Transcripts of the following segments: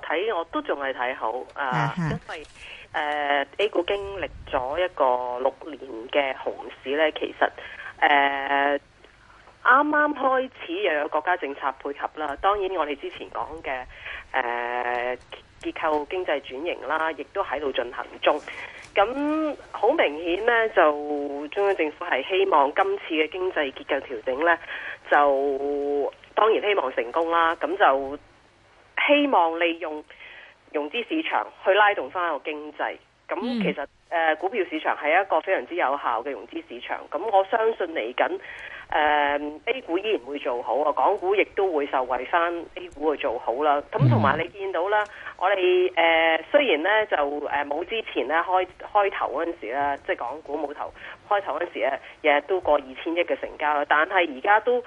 睇我，我都仲係睇好啊，uh-huh。因為誒、呃、A 股經歷咗一個六年嘅熊市呢。其實誒啱啱開始又有國家政策配合啦。當然我哋之前講嘅誒結構經濟轉型啦，亦都喺度進行中。咁好明顯咧，就中央政府係希望今次嘅經濟結構調整呢，就當然希望成功啦。咁就。希望利用融資市場去拉動翻個經濟，咁其實誒股票市場係一個非常之有效嘅融資市場，咁我相信嚟緊誒 A 股依然會做好，啊港股亦都會受惠翻 A 股去做好啦。咁同埋你見到啦，我哋誒、呃、雖然咧就誒冇、呃、之前咧開開頭嗰陣時咧，即係港股冇頭開頭嗰陣時咧，日日都過二千億嘅成交啦，但係而家都。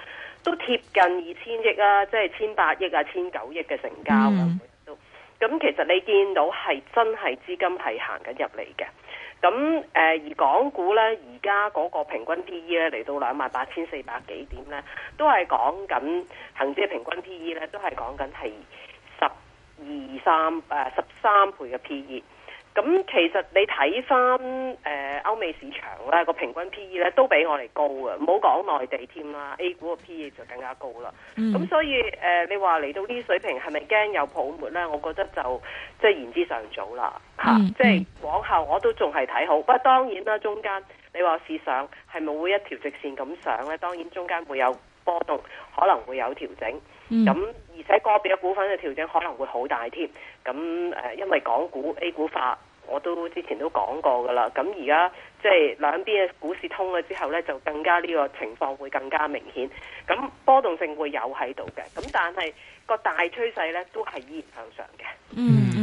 都貼近二千億啊，即係千八億啊，千九億嘅成交咁、嗯、其實你見到係真係資金係行緊入嚟嘅。咁誒、呃、而港股呢，而家嗰個平均 PE 咧嚟到兩萬八千四百幾點呢，都係講緊恆指嘅平均 PE 咧，都係講緊係十二三誒十三倍嘅 PE。咁其實你睇翻誒歐美市場咧個平均 P E 咧都比我哋高啊，唔好講內地添啦，A 股個 P E 就更加高啦。咁、嗯、所以誒，你話嚟到呢水平係咪驚有泡沫咧？我覺得就即係、就是、言之尚早啦。嚇、嗯，即、啊、係、就是、往後我都仲係睇好。不過當然啦，中間你話試想，係咪會一條直線咁上咧？當然中間會有。波動，可能會有調整，咁、嗯、而且個別嘅股份嘅調整可能會好大添。咁誒、呃，因為港股 A 股化，我都之前都講過噶啦。咁而家即係兩邊嘅股市通咗之後呢，就更加呢個情況會更加明顯。咁波動性會有喺度嘅，咁但係、個大趨勢呢都係依然向上嘅。嗯。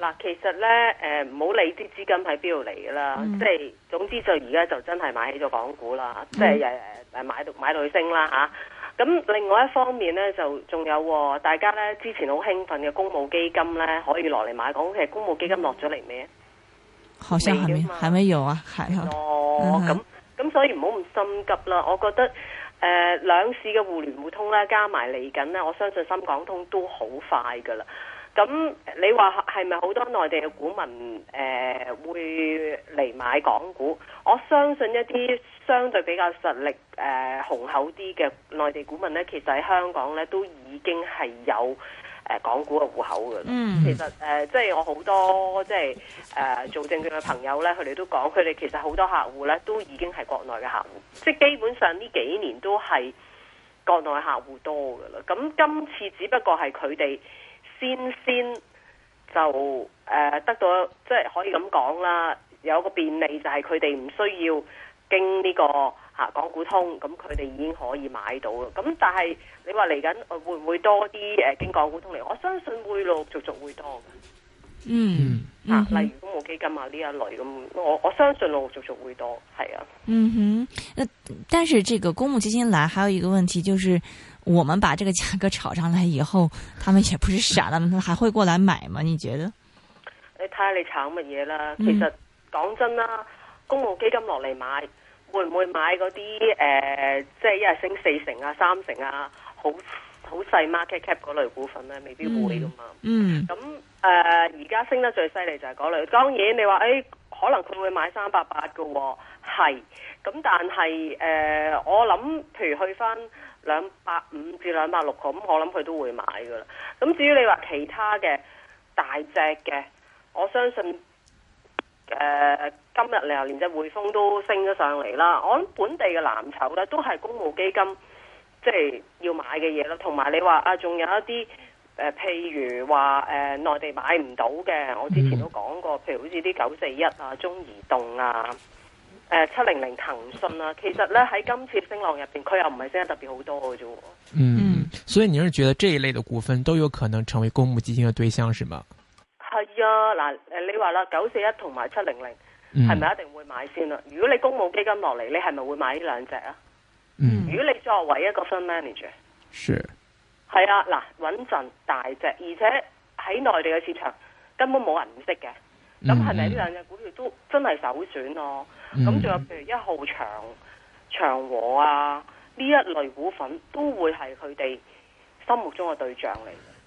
嗱，其實咧，誒唔好理啲資金喺邊度嚟噶啦，即、嗯、係總之就而家就真係買起咗港股啦、嗯，即係誒誒買到買到去升啦嚇。咁、啊、另外一方面咧，就仲有大家咧之前好興奮嘅公募基金咧，可以落嚟買港股，其實公募基金落咗嚟未啊？好像還未，還沒有啊，係啊。哦，咁、嗯、咁所以唔好咁心急啦。我覺得誒、呃、兩市嘅互聯互通咧，加埋嚟緊咧，我相信深港通都好快噶啦。咁你話係咪好多內地嘅股民誒、呃、會嚟買港股？我相信一啲相對比較實力誒呃、雄厚啲嘅內地股民咧，其實喺香港咧都已經係有誒、呃、港股嘅戶口嘅啦。嗯，其實誒即係我好多即係誒做證券嘅朋友咧，佢哋都講，佢哋其實好多客戶咧都已經係國內嘅客戶，即係基本上呢幾年都係國內客戶多嘅啦。咁今次只不過係佢哋。先先就誒得到即係、就是、可以咁講啦，有個便利就係佢哋唔需要經呢個吓港股通，咁佢哋已經可以買到啦。咁但係你話嚟緊會唔會多啲誒經港股通嚟？我相信會陸陸續續會多嘅。嗯，嗯，啊，例如公募基金啊呢一類咁，我我相信陸陸續續會多，係啊。嗯哼，但是這個公募基金來，還有一個問題就是。我們把這個價格炒上來以後，他們也不是傻了，他們還會過來買嗎？你覺得？你睇下你炒乜嘢啦，嗯？其實講真啦，公募基金落嚟買會唔會買嗰啲誒，即係一日升四成啊、三成啊，好好細 market cap 嗰類股份咧，未必會噶嘛。嗯。咁誒，而、呃、家升得最犀利就係嗰類。當然你話誒、欸，可能佢會買三百八噶，係，咁但係誒、呃，我諗譬如去返。兩百五至兩百六個，咁、嗯、我諗佢都會買噶啦。咁至於你話其他嘅大隻嘅，我相信誒、呃、今日你咧，連隻匯豐都升咗上嚟啦。我諗本地嘅藍籌咧，都係公募基金即係、就是、要買嘅嘢啦。同埋你話啊，仲有一啲誒、呃，譬如話誒、呃，內地買唔到嘅，我之前都講過，譬如好似啲九四一啊、中移動啊。誒、呃，七零零騰訊啊，其實咧喺今次升浪入邊，佢又唔係升得特別好多嘅啫。嗯，所以你係覺得這一類嘅股份都有可能成為公募基金嘅對象，是嗎？係啊，嗱，誒，你話啦，九四一同埋七零零，係咪一定會買先啦？如果你公募基金落嚟，你係咪會買呢兩隻啊？嗯。如果你作為一個 fund manager，是，係啊，嗱，穩陣大隻，而且喺內地嘅市場根本冇人唔識嘅。咁係咪呢兩隻股票都真係首選咯？咁仲有譬如一號長長和啊，呢一類股份都會係佢哋心目中嘅對象嚟。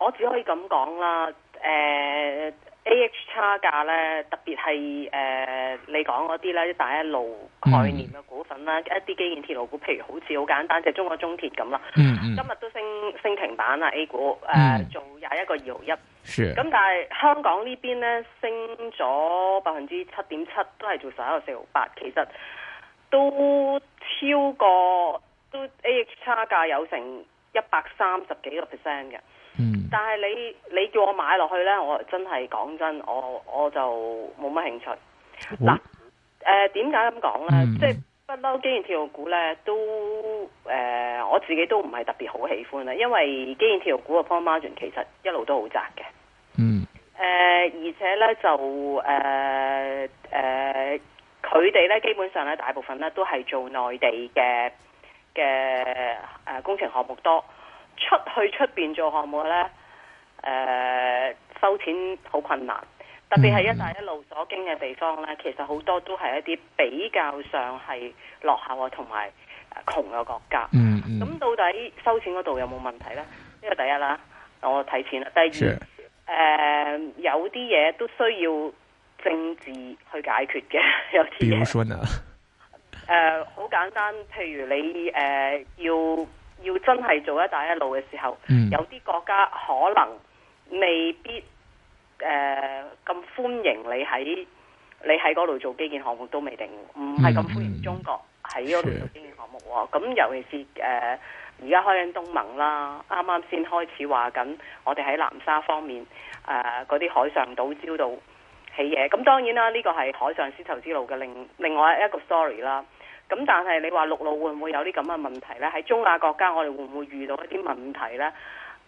我只可以咁講啦，誒、呃、A H 差價咧，特別係誒、呃、你講嗰啲咧，啲大一路概念嘅股份啦，一、嗯、啲基建鐵路股，譬如好似好簡單，就是、中國中鐵咁啦、嗯嗯。今日都升升停板啦，A 股誒、呃嗯、做廿一個二毫一。是。咁但係香港這邊呢邊咧升咗百分之七點七，都係做十一個四毫八，其實都超過都 A H 差價有成一百三十幾個 percent 嘅。的。但係你你叫我買落去呢，我真係講真，我我就冇乜興趣。嗱，點解咁講呢？嗯、即係不嬲，基建鐵路股呢都誒、呃，我自己都唔係特別好喜歡啦，因為基建鐵路股嘅 profit margin 其實一路都好窄嘅。嗯、呃。而且呢，就誒佢哋呢，基本上呢，大部分呢都係做內地嘅、嘅、呃、工程項目多，出去出邊做項目呢。誒、呃、收錢好困難，特別係一帶一路所經嘅地方咧、嗯，其實好多都係一啲比較上係落後呀同埋窮嘅國家。咁、嗯嗯、到底收錢嗰度有冇問題呢？呢、呢個第一啦，我睇錢啦。第二誒、呃，有啲嘢都需要政治去解決嘅，有啲嘢。誒、啊，好、呃、簡單，譬如你誒、呃、要要真係做一帶一路嘅時候，嗯、有啲國家可能，未必誒咁、呃、歡迎你喺你喺嗰度做基建項目都未定，唔係咁歡迎中國喺嗰度做基建項目喎。咁、嗯嗯、尤其是誒而家開緊東盟啦，啱啱先開始話緊，我哋喺南沙方面誒嗰啲海上島礁度起嘢。咁當然啦，呢個係海上絲綢之路嘅另另外一個 story 啦。咁但係你話陸路會唔會有啲咁嘅問題呢？喺中亞國家，我哋會唔會遇到一啲問題呢？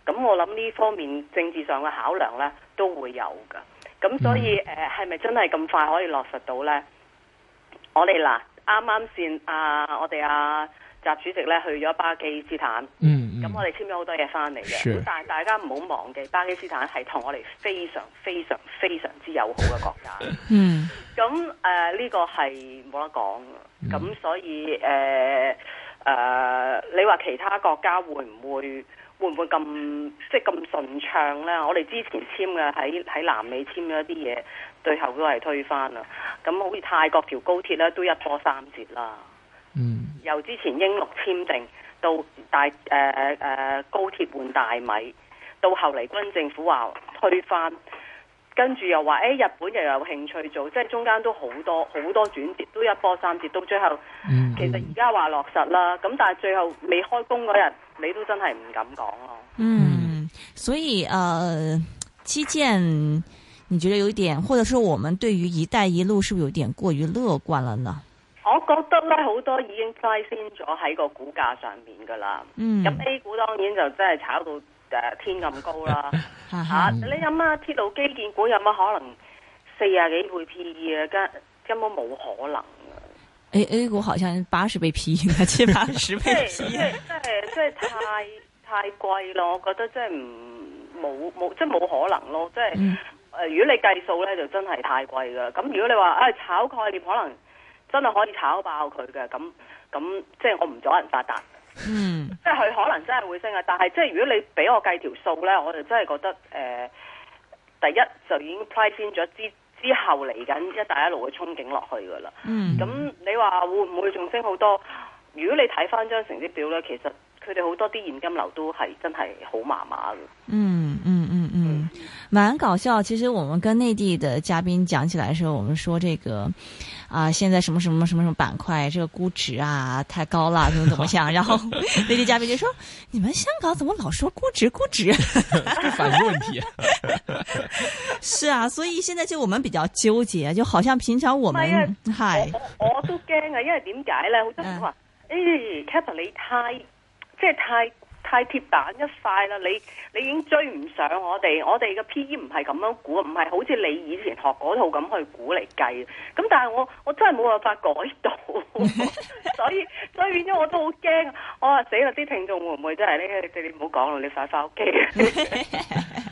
咁我諗呢方面政治上嘅考量呢都會有噶。咁所以誒，係、嗯、咪、呃、真係咁快可以落實到呢？我哋嗱啱啱先啊，我哋啊習主席呢去咗巴基斯坦，咁、嗯嗯、我哋簽咗好多嘢返嚟嘅。Sure. 但係大家唔好忘記，巴基斯坦係同我哋非常非常非常之友好嘅國家。咁、嗯、誒，呢、呃這個係冇得講。咁、嗯、所以誒誒、呃呃，你話其他國家會唔會？會唔會咁即係咁順暢呢？我哋之前簽嘅，喺喺南美簽咗一啲嘢，最後都係推翻啦。咁好似泰國條高鐵咧，都一波三折啦、嗯。由之前英祿簽訂到大誒誒、呃呃、高鐵換大米，到後嚟軍政府話推翻。跟住又話誒、哎、日本又有興趣做，即係中間都好多好多轉折，都一波三折。到最後、嗯、其實而家話落實啦。咁但係最後未開工嗰日，你都真係唔敢講咯。嗯，所以誒基建，呃、你覺得有點或者說我們對於一帶一路，是不是有點過於樂觀了呢？我覺得咧好多已經拉昇咗喺個股價上面噶啦。嗯，咁 A 股當然就真係炒到。天咁高啦，你諗 啊，鐵、啊、路基建股有乜可能四十幾倍 P E 啊？根根本冇可能。A A 股好像八十倍 P E，甚至八十倍 P、 呃、即係即係係太太貴咯！我覺得真係唔冇冇即係冇可能咯！即係、嗯呃、如果你計數咧，就真係太貴噶。咁如果你話啊、哎、炒概念，可能真係可以炒爆佢嘅。咁咁即係我唔阻人發達。嗯，即係佢可能真係會升啊，但係即係如果你俾我計條數呢，我就真係覺得誒、呃，第一就已經 price in 咗之之後嚟緊一帶一路嘅憧憬落去噶啦。嗯，咁你話會唔會仲升好多？如果你睇翻張成績表呢，其實佢哋好多啲現金流都係真係好麻麻嘅。嗯。嗯蠻搞笑，其實我們跟內地的嘉賓講起來的時候，我們說這個，啊、呃，現在什麼什麼什麼什麼板塊，這個估值啊太高了，怎麼怎麼想， 然後內 地嘉賓就說，你們香港怎麼老說估值估值？反應問題。是啊，所以現在就我們比較糾結，就好像平常我們，嗨、哎，我都驚啊，因為點解呢？好多人話，哎 Kaplan 你太，即係太。太鐵板一塊啦！你你已經追唔上我哋，我哋嘅 PE 唔係咁樣估，唔係好似你以前學嗰套咁去估嚟計。咁但係我我真係冇辦法改到， 所以所以變咗我都好驚。我話死啦！啲聽眾會唔會真係呢？你你唔好講啦，你快返屋企。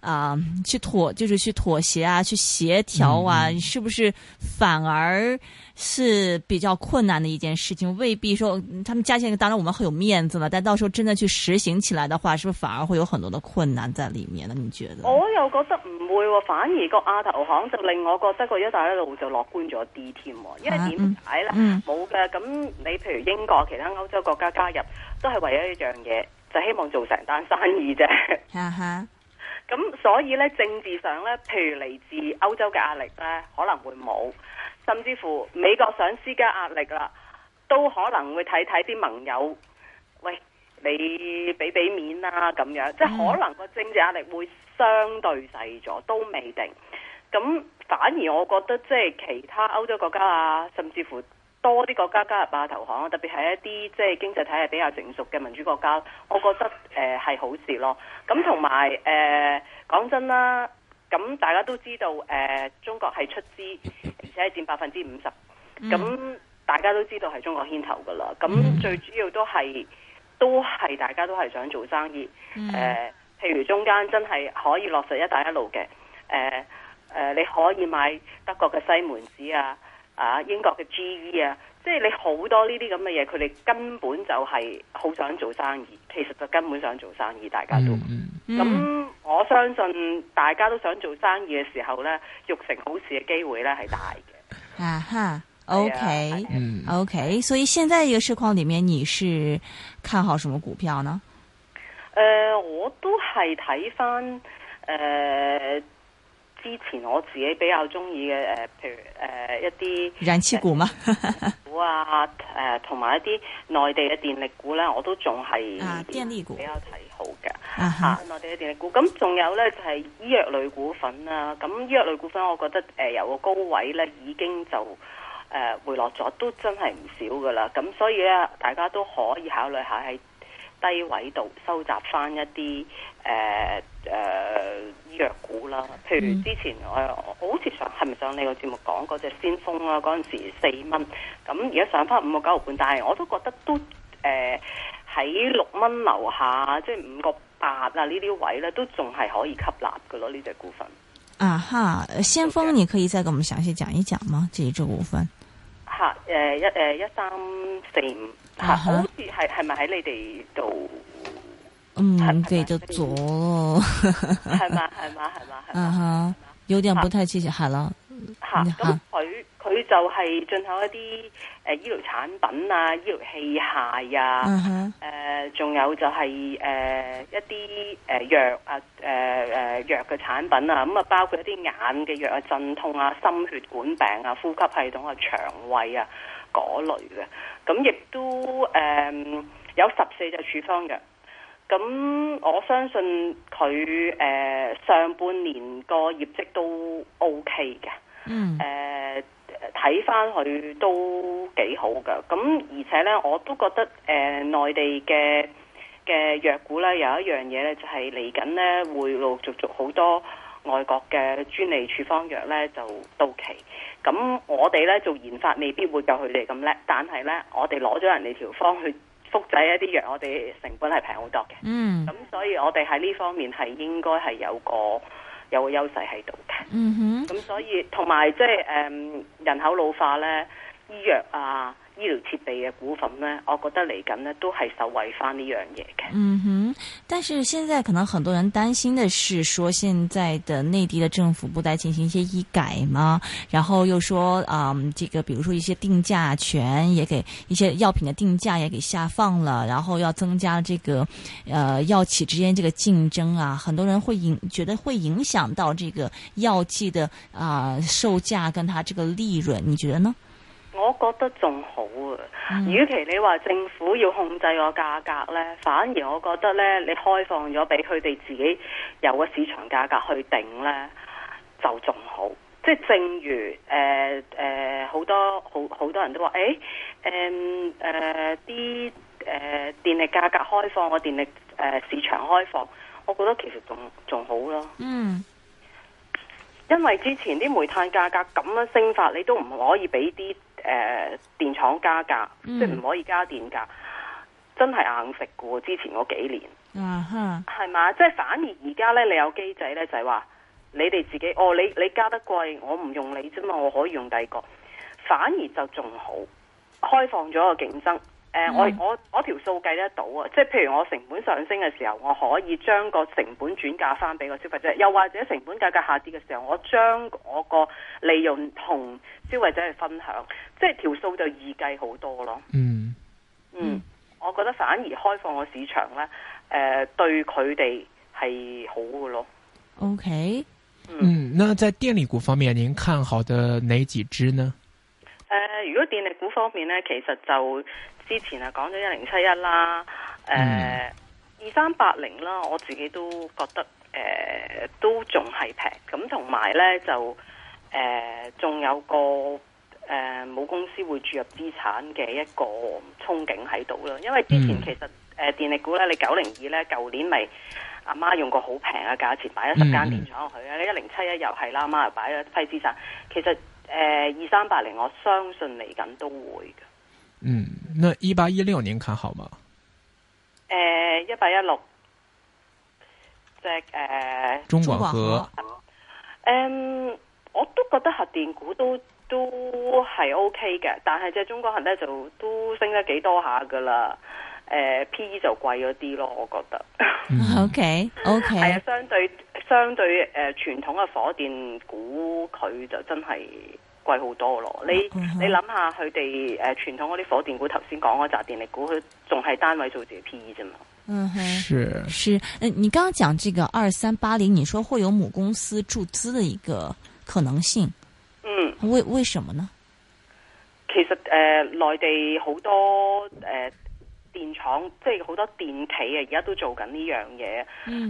啊，去妥就是去妥協啊，去協調啊、嗯，是不是反而是比較困難的一件事情？未必說他們加進來，當然我們很有面子嘛，但到時候真的去實行起來的話，是不是反而會有很多的困難在裏面呢？你覺得？我又覺得唔會、哦，反而個亞投行就令我覺得個一帶一路就樂觀咗啲添，因為點解呢？冇、啊、嘅，咁、嗯嗯、你譬如英國其他歐洲國家加入，都係為咗一樣嘢，就是、希望做成單生意啫。哈、啊。啊。咁所以咧，政治上咧，譬如嚟自歐洲嘅壓力咧，可能會冇，甚至乎美國想施加壓力啦，都可能會睇睇啲盟友，喂，你俾俾面啦、啊，咁樣，即係可能個政治壓力會相對細咗，都未定。咁反而我覺得即係其他歐洲國家啊，甚至乎。多啲國家加入亞投行，特別係一啲即係經濟體系比較成熟嘅民主國家，我覺得係、呃、好事咯。咁同埋誒講真啦，咁大家都知道誒、呃、中國係出資，而且係佔百分之五十。咁大家都知道係中國牽頭噶啦。咁最主要都係都係大家都係想做生意。誒、嗯呃，譬如中間真係可以落實一帶一路嘅。誒、呃呃、你可以買德國嘅西門子啊。啊！英國嘅 GE 啊，即係你好多呢啲咁嘅嘢，佢哋根本就係好想做生意，其實就根本想做生意，大家都咁、嗯嗯、我相信大家都想做生意嘅時候呢，促成好事嘅機會呢係大嘅。啊哈，OK，o、okay, 呃 okay, 嗯、k、okay, 所以現在呢個市況裡面，你是看好什麼股票呢？誒、呃，我都係睇翻誒。呃之前我自己比較中意嘅譬如誒、呃、一啲燃氣股嘛股啊，誒同埋一啲內地嘅電力股咧，我都仲係比較睇好嘅嚇內地嘅電力股。咁、啊、仲、啊、有咧就係、是、醫藥類股份啦。咁醫藥類股份我覺得誒、呃、由個高位咧已經就誒、呃、回落咗，都真係唔少噶啦。咁所以咧、啊，大家都可以考慮一下喺低位度收集翻一啲誒。呃誒、呃，醫藥股啦，譬如之前、嗯、我好似上係咪、那個啊、上你個節目講嗰隻先鋒啦，嗰陣時四蚊，咁而家上翻五個九毫半，但係我都覺得都誒喺六蚊樓下，即係五個八啊呢啲位咧，都仲係可以吸納嘅咯呢隻股份。啊哈，先鋒你可以再跟我們詳細講一講嗎？呢隻股份？吓，誒、呃、一誒、呃、一三四五吓、啊，好似係係咪喺你哋度？嗯，記得咗，係嘛係嘛係嘛係嘛，有點不太清晰，係啦。吓， 咁佢佢就係進口一啲誒、呃、醫療產品啊，醫療器械啊，誒、uh-huh。仲、呃、有就係、是、誒、呃、一啲誒藥啊，誒誒藥嘅產品啊，咁啊包括一啲眼嘅藥啊，鎮痛啊，心血管病啊，呼吸系統啊，腸胃啊嗰類嘅，咁亦都誒、呃、有十四隻處方藥。咁我相信佢、呃、上半年個業績都 O K 嘅，嗯、呃、睇翻佢都幾好噶。咁而且咧，我都覺得、呃、內地嘅嘅藥股咧有一樣嘢咧，就係嚟緊咧會陸陸續續好多外國嘅專利處方藥咧就到期。咁我哋咧做研發未必會夠佢哋咁叻，但係咧我哋攞咗人哋條方去。複製一啲藥，我哋成本係平好多嘅。嗯，咁所以我哋喺呢方面係應該係有個有個優勢喺度嘅。嗯哼，咁所以同埋即係誒人口老化呢，醫藥啊。醫療設備嘅股份呢，我覺得嚟緊呢都係受惠翻呢樣嘢嘅。嗯哼，但是現在可能很多人擔心的是，說現在的內地的政府不再進行一些醫改嘛，然後又說，嗯，這個，比如說一些定價權也給一些藥品的定價也給下放了，然後要增加這個，呃，藥企之間這個競爭啊，很多人會影覺得會影響到這個藥劑的啊、呃、售價跟它這個利潤，你覺得呢？我覺得仲好啊，與其你話政府要控制個價格呢，反而我覺得呢，你開放咗俾佢哋自己有個市場價格去定呢，就仲好。即係正如誒誒好多好好多人都話，誒誒啲誒電力價格開放個電力、呃、市場開放，我覺得其實仲仲好咯。嗯，因為之前啲煤炭價格咁樣升法，你都唔可以俾啲。誒、呃，電廠加價、嗯，即係唔可以加電價，真係硬食過之前嗰幾年，嗯、啊、哼，係嘛，即係反而而家咧，你有機制咧，就係話你哋自己，哦，你你加得貴，我唔用你啫嘛，我可以用第二個，反而就仲好，開放咗個競爭。誒、呃嗯，我我嗰條數計得到啊，即係譬如我成本上升嘅時候，我可以將個成本轉嫁翻俾個消費者；又或者成本價格下跌嘅時候，我將我個利潤同消費者去分享，即係條數就容易計好多咯。嗯嗯，我覺得反而開放個市場咧，誒、呃，對佢哋係好嘅咯。OK，嗯、嗯，那在電力股方面，您看好的哪幾支呢？如果電力股方面呢，其實就之前啊講咗一零七一啦，誒二三八零啦，我自己都覺得誒、呃、都仲係平，咁同埋呢，就誒仲、呃、有個誒母、呃、公司會注入資產嘅一個憧憬喺度囉，因為之前其實誒電力股呢，你九零二呢，舊年咪阿媽用個好平嘅價錢買咗十間電廠落去啊，你一零七一又係啦，阿媽又擺咗批資產，其實。誒，二三八零，我相信嚟緊都會嘅。嗯，那一八一六，你看好嗎？誒，一八一六隻誒，中廣核，嗯，我都覺得核電股都都係 OK 嘅，但係隻中國核咧就都升得幾多下噶啦。PE 就貴咗啲咯，我覺得。O K，O K，係啊，相對。相對誒、呃，傳統嘅火電股佢就真係貴好多咯。你你諗下佢哋誒，傳統嗰啲火電股，頭先講嗰扎電力股，佢仲係單位做自己 P E 啫嘛。嗯、啊，是是，誒、呃，你剛剛講這個二三八零，你說會有母公司注資的一個可能性？嗯，為為什麼呢？其實誒、呃，內地好多誒。呃電廠即係好多電企啊！而家都在做緊呢樣嘢，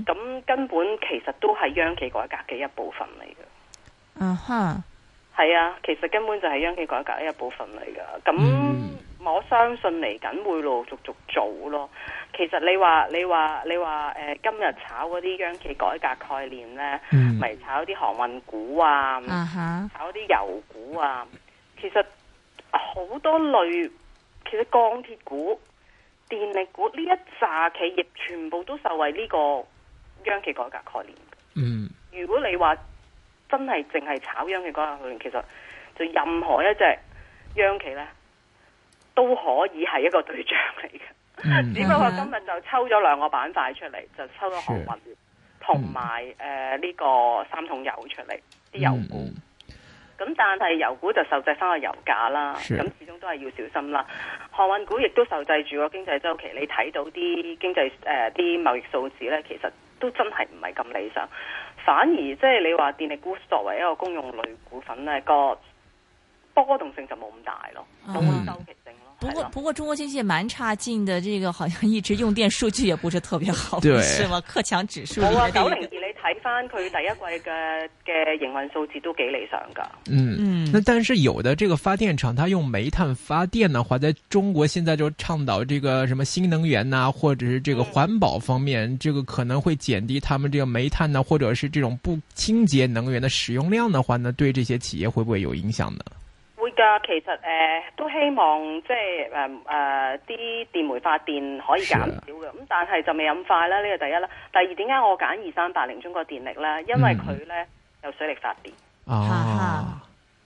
咁、嗯、根本其實都係央企改革嘅一部分嚟嘅。啊哈，係啊，其實根本就係央企改革嘅一部分嚟噶。咁、嗯、我相信嚟緊會陸陸續續做咯。其實你話你話你話誒、呃，今日炒嗰啲央企改革概念呢，咪、嗯、炒啲航運股啊，啊炒啲油股啊，其實好多類，其實鋼鐵股。電力股呢一紮企業全部都受惠呢個央企改革概念的。嗯，如果你話真係淨係炒央企改革概念，其實就任何一隻央企呢都可以係一個對象嚟嘅。嗯、 只不過今日就抽咗兩個板塊出嚟，就抽咗航運同埋誒呢個三桶油出嚟啲油咁但係油股就受制翻個油價啦，咁、sure。始終都係要小心啦。航運股亦都受制住個經濟周期，你睇到啲經濟誒啲、呃、貿易數字咧，其實都真係唔係咁理想。反而即係、就是、你話電力股作為一個公用類股份咧，個波動性就冇咁大咯，冇咁週期性咯。不過不過，不過中國經濟蠻差勁的。這個好像一直用電數據也不是特別好，對，是嗎？克強指數。九零二，你睇翻佢第一季嘅嘅營運數字都幾理想㗎。嗯嗯，那但是有的這個發電廠，它用煤炭發電的話，在中國現在就倡導這個什麼新能源呐、啊，或者是這個環保方面，這個可能會減低他們這個煤炭呢，或者是這種不清潔能源的使用量的話呢，對這些企業會不會有影響呢？噶，其實誒、呃、都希望即係誒誒啲電煤發電可以減少嘅，咁、啊、但係就未咁快啦。呢、這個第一啦，第二點解我揀二三八零中國電力咧？因為佢咧、嗯、有水力發電，嚇、啊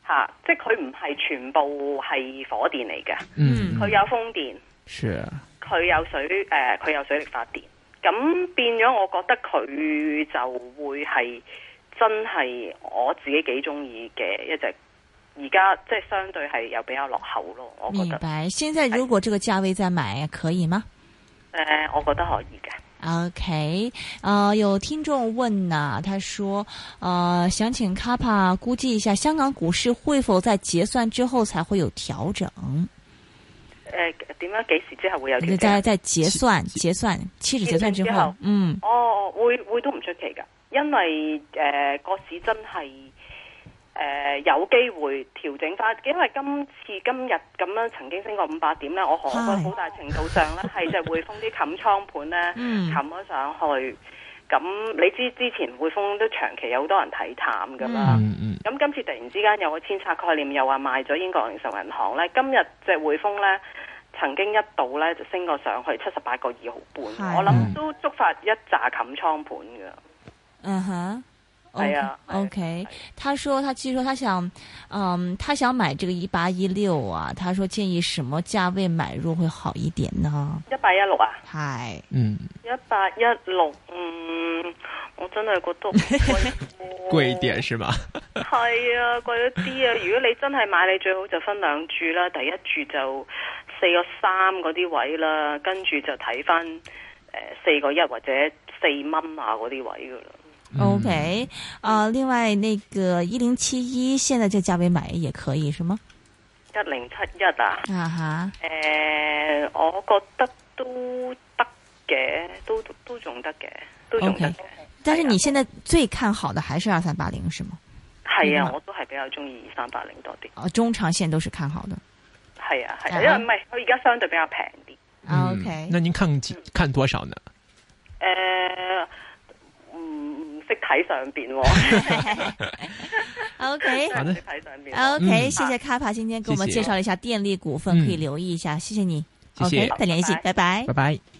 啊啊，即係佢唔係全部係火電嚟嘅，佢、嗯、有風電，佢、啊、有水誒，佢、呃、有水力發電，咁變咗我覺得佢就會係真係我自己幾中意嘅一隻。而家即係相對係又比較落後咯，我覺得。明白，現在如果這個價位再買可以嗎？誒、呃，我覺得可以嘅。OK，啊、呃，有聽眾問呐、啊，他說，啊、呃，想請卡帕估計一下，香港股市會否在結算之後才會有調整？誒、呃，點樣幾時之後會有調整？在在結算，結算，期指結算之後，結之後，嗯，哦，會會都唔出奇噶，因為誒，個、呃、市真係。誒、呃、有機會調整翻，因為次今次今日咁樣曾經升過五百點咧，我覺得好大程度上咧係隻匯豐啲冚倉盤咧冚咗上去。咁你知之前匯豐都長期有好多人睇淡噶嘛？咁、嗯嗯嗯、今次突然之間有個遷冊概念，又話賣咗英國零售銀行咧，今日隻匯豐咧曾經一度咧就升過上去七十八個二毫半，我諗都觸發一紮冚倉盤噶。嗯哼。O K，O K，佢說，佢繼續說，佢想，嗯，佢想買這個一八一六啊，佢說建議什麼價位買入會好一點呢？一八一六啊？係，嗯，一八一六，嗯，我真係覺得貴，貴 我 一點是吧係 啊，貴一啲啊，如果你真係買，你最好就分兩注啦，第一注就四個三嗰啲位啦，跟住就睇翻四個一或者四蚊啊嗰啲位噶啦。OK，呃、另外那個一零七一現在這價位買也可以是嗎？一零七一啊啊哈。誒、呃，我覺得都得嘅，都都仲得嘅。都仲得嘅。得嘅 okay, 但是你現在最看好的還是二三八零是嗎？係啊，我都係比較中意二三八零多啲。哦、啊，中長線都是看好的。係啊，係、啊啊啊，因為唔係，我而家相對比較平啲、啊。OK，嗯、那您看看多少呢？呃。識睇上邊，OK，OK 謝謝卡帕今天給我們介紹了一下電力股份，謝謝，可以留意一下，嗯、謝謝你，OK 再聯繫，拜拜，拜拜。拜拜。